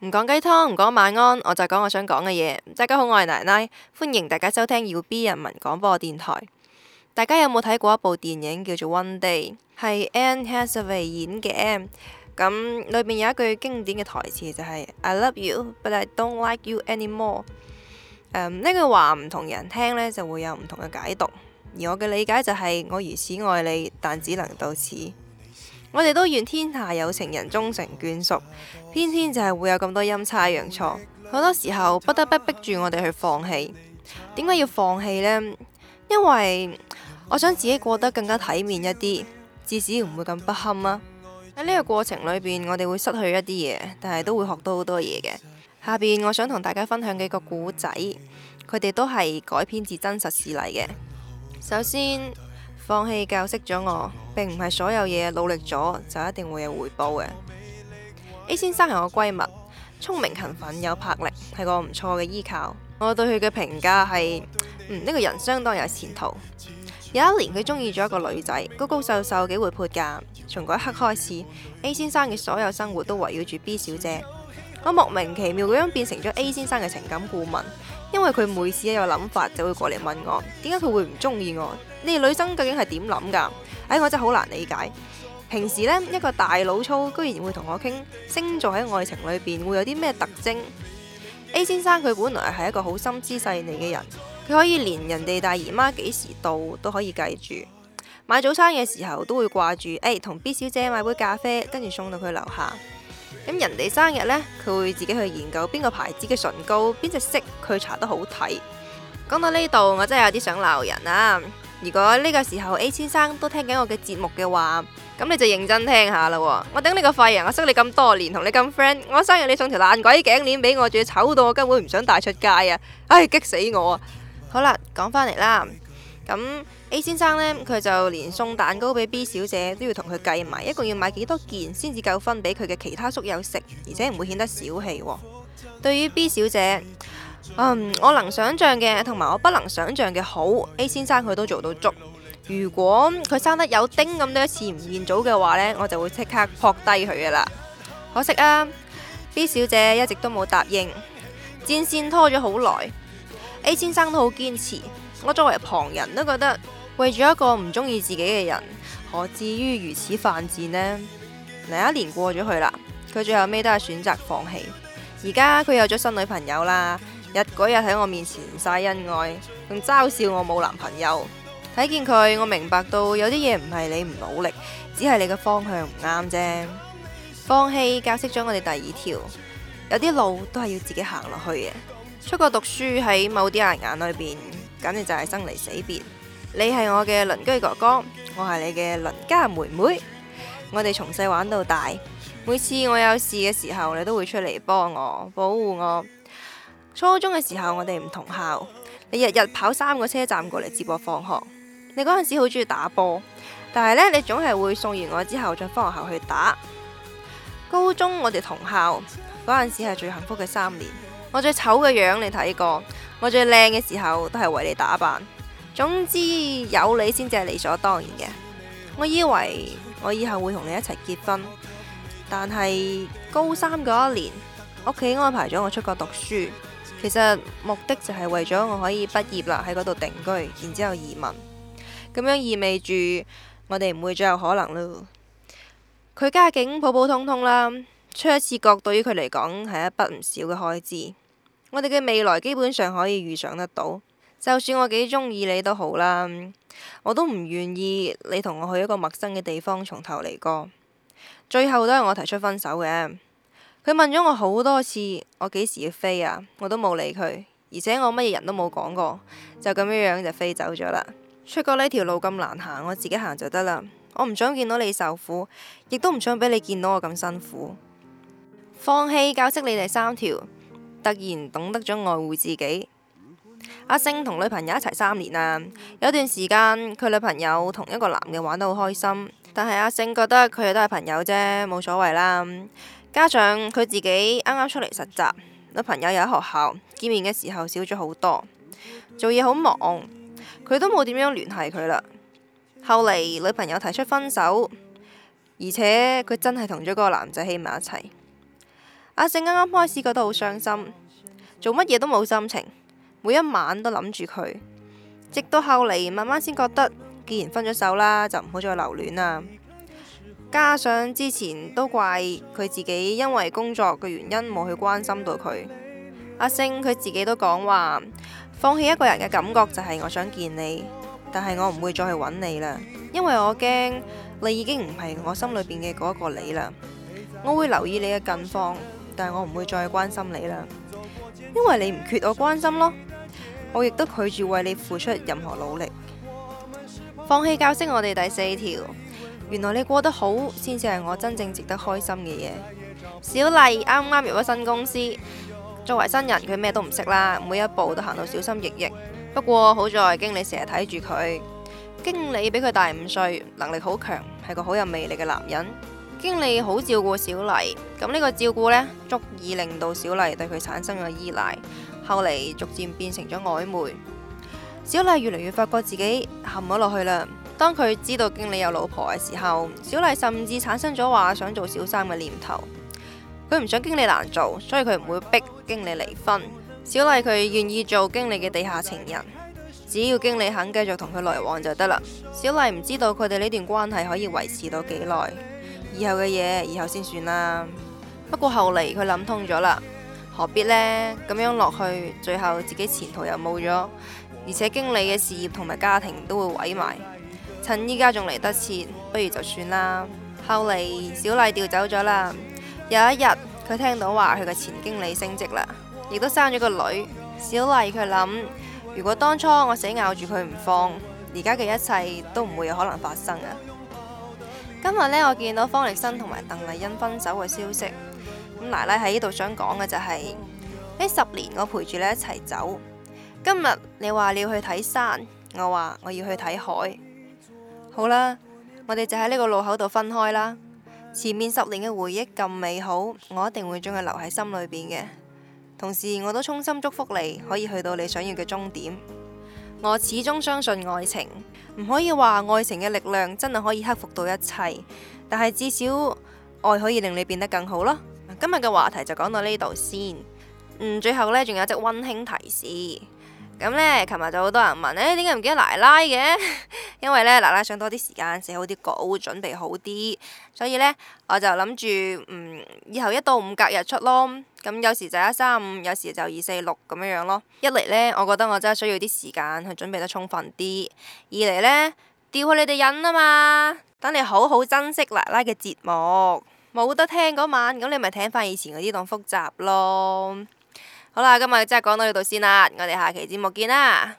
唔講雞湯，唔講晚安，我就講我想講嘅嘢。大家好，我係奶奶，歡迎大家收聽 UB 人民廣播電台。大家有冇睇過一部電影叫做《One Day》，嗯，係 Anne Hathaway 演嘅？M 咁裏面有一句經典嘅台詞就係、是、“I love you，but I don't like you anymore”。呢、嗯、句話唔同人聽呢就會有唔同嘅解讀。而我嘅理解就係、是、我如此愛你，但只能到此。我哋都願天下有情人終成眷屬，偏偏就係會有咁多陰差陽錯，好多時候不得不逼住我哋去放棄。點解要放棄呢？因為我想自己過得更加體面一啲，至少唔會咁不堪啊！喺呢個過程裏邊，我哋會失去一啲嘢，但係都會學到好多嘢嘅。下邊我想同大家分享幾個故仔，佢哋都係改編自真實事例嘅。首先，放棄教識咗我，並唔係所有嘢努力咗就一定會有回報嘅。A 先生係我閨蜜，聰明勤奮有魄力，係個唔錯嘅依靠。我對佢嘅評價係，嗯呢、呢個人相當有前途。有一年佢中意咗一個女仔，高高瘦瘦幾活潑噶。從嗰一刻開始，A 先生嘅所有生活都圍繞住 B 小姐。我莫名其妙咁樣變成咗 A 先生嘅情感顧問。因為佢每次一有諗法就會過嚟問我，點解佢會唔中意我？你哋女生究竟係點諗噶？唉、哎，我真係好難理解。平時呢，一個大老粗，居然會同我傾星座，喺愛情裏邊會有啲咩特徵？A 先生佢本來係一個好心思細膩嘅人，佢可以連人哋大姨媽幾時到都可以計住，買早餐嘅時候都會掛住，哎，同 B 小姐買杯咖啡，跟住送到佢樓下。咁人哋生日呢，佢會自己去研究邊個牌子嘅唇膏，邊隻色佢搽得好睇。講到呢度，我真係有啲想鬧人啊！如果呢個時候 A 先生都聽緊我嘅節目嘅話，咁你就認真聽下啦。我頂你個肺啊！我識你咁多年，同你咁 friend，我生日你送條爛鬼頸鏈俾我，仲要醜到我根本唔想戴出街啊！唉，激死我啊！好啦，講返嚟啦。咁 A 先生呢，佢就連送蛋糕俾 B 小姐都要同佢計埋，一共要買幾多件先至夠分俾佢嘅其他宿友食，而且唔會顯得小氣喎。對於 B 小姐，嗯，我能想象嘅同埋我不能想象嘅好，A 先生佢都做到足。如果佢生得有丁咁多一次吳彥祖嘅話呢，我就會即刻撲低佢噶啦。可惜啊，B 小姐一直都冇答應，戰線拖咗好耐，A 先生都好堅持。我作為旁人都覺得為咗一個唔中意自己嘅人，何至於如此犯賤呢？嗱，一年過咗去啦，佢最後尾都係選擇放棄。而家佢有咗新女朋友啦，日日喺我面前曬恩愛，仲嘲笑我冇男朋友。睇見佢，我明白到有啲嘢唔係你唔努力，只係你嘅方向唔啱啫。放棄教識咗我哋第二條，有啲路都係要自己行落去嘅。出國讀書喺某啲人眼裏邊，簡直就係生離死別，你係我嘅鄰居哥哥，我係你嘅鄰家妹妹，我哋從細玩到大，每次我有事嘅時候，你都會出嚟幫我保護我。初中嘅時候我哋唔同校，你日日跑三個車站過嚟接我放學，你嗰陣時好中意打波，但係呢，你總係會送完我之後再返學校去打。高中我哋同校，嗰陣時係最幸福嘅三年，我最醜嘅樣你睇過。我最靚嘅時候都係為你打扮。總之有你先至係理所當然嘅。我以為我以後會同你一齊結婚，但係高三嗰一年，屋企安排咗我出國讀書。其實目的就係為咗我可以畢業啦，喺嗰度定居，然之後移民。咁樣意味住我哋唔會再有可能咯。佢家境普普通通啦，出一次國對於佢嚟講係一筆唔少嘅開支。我哋嘅未來基本上可以預想得到，就算我幾中意你都好啦，我都唔願意你同我去一個陌生嘅地方從頭嚟過。最後都係我提出分手嘅。佢問咗我好多次，我幾時要飛啊？我都冇理佢，而且我乜嘢人都冇講過，就咁樣樣就飛走咗啦。出國呢條路咁難行，我自己行就得啦。我唔想見到你受苦，亦都唔想俾你見到我咁辛苦。放棄教識你哋三條。突然懂得咗愛護自己。阿勝同女朋友一齊三年啦，有段時間佢女朋友同一個男嘅玩得好開心，但係阿勝覺得佢哋都係朋友啫，冇所謂啦。加上佢自己啱啱出嚟實習，女朋友又喺學校，見面嘅時候少咗好多，做嘢好忙，佢都冇點樣聯繫佢啦。後嚟女朋友提出分手，而且佢真係同咗嗰個男仔喺埋一齊。阿勝啱啱開始覺得好傷心，做乜嘢都冇心情，每一晚都諗住佢，直到後嚟慢慢先覺得，既然分咗手啦,就唔好再留戀啦。加上之前都怪佢自己，因為工作嘅原因冇去關心到佢。阿勝佢自己都講話，放棄一個人嘅感覺就係我想見你，但係我唔會再去揾你啦，因為我驚你已經唔係我心裏邊嘅嗰個你啦。我會留意你嘅近況。但係我唔會再關心你啦，因為你唔缺我關心咯，我亦都拒絕為你付出任何努力。放棄教識我哋第四條，原來你過得好先至係我真正值得開心嘅嘢。小麗啱啱入咗新公司，作為新人佢咩都唔識啦，每一步都行到小心翼翼。不過好在經理成日睇住佢，經理比佢大五歲，能力好強，係個好有魅力嘅男人。經理好照顧小麗，咁呢個照顧呢，足以令到小麗對佢產生咗依賴，後嚟逐漸變成咗曖昧。小麗越嚟越發覺自己陷咗落去啦。當佢知道經理有老婆嘅時候，小麗甚至產生咗話想做小三嘅念頭。佢唔想經理難做，所以佢唔會逼經理離婚。小麗佢願意做經理嘅地下情人，只要經理肯繼續同佢來往就得啦。小麗唔知道佢哋呢段關係可以維持到幾耐。以後嘅嘢，以後先算啦。不過後嚟佢諗通咗啦，何必呢？咁樣落去，最後自己前途又冇咗，而且經理嘅事業同埋家庭都會毀埋。趁，依家仲嚟得切，不如就算啦。後嚟小麗調走咗啦。有一日，佢聽到話佢嘅前經理升職啦，亦都生咗個女。小麗佢諗，如果當初我死咬住佢唔放，而家嘅一切都唔會有可能發生啊！今日呢，我見到方力申同埋鄧麗欣分手嘅消息。咁奶奶喺呢度想講嘅就係呢 十年我陪住你一齊走，今日你話你要去睇山，我話我要去睇海。好啦，我哋就喺呢個路口度分開啦。前面十年嘅回憶咁美好，我一定會將佢留喺心裏邊嘅。同時，我都衷心祝福你可以去到你想要嘅終點。我始終相信愛情，唔可以話愛情嘅力量真係可以克服到一切，但係至少愛可以令你變得更好咯。今日嘅話題就講到呢度先，嗯，最後呢，仲有一隻溫馨提示，咁呢，琴日就好多人問，誒、欸，點解唔記得奶奶嘅？ 因為呢，奶奶想多啲時間寫好啲稿，準備好啲，所以呢，我就諗住嗯，以後一到五隔日出咯。咁有時就一三五，有時就二四六咁樣樣咯。一嚟呢，我覺得我真係需要啲時間去準備得充分啲。二嚟呢，吊去你哋癮啊嘛，等你好好珍惜奶奶嘅節目。冇得聽嗰晚，咁你咪聽返以前嗰啲當複習咯。好啦，今日真係講到呢度先啦，我哋下期節目見啦。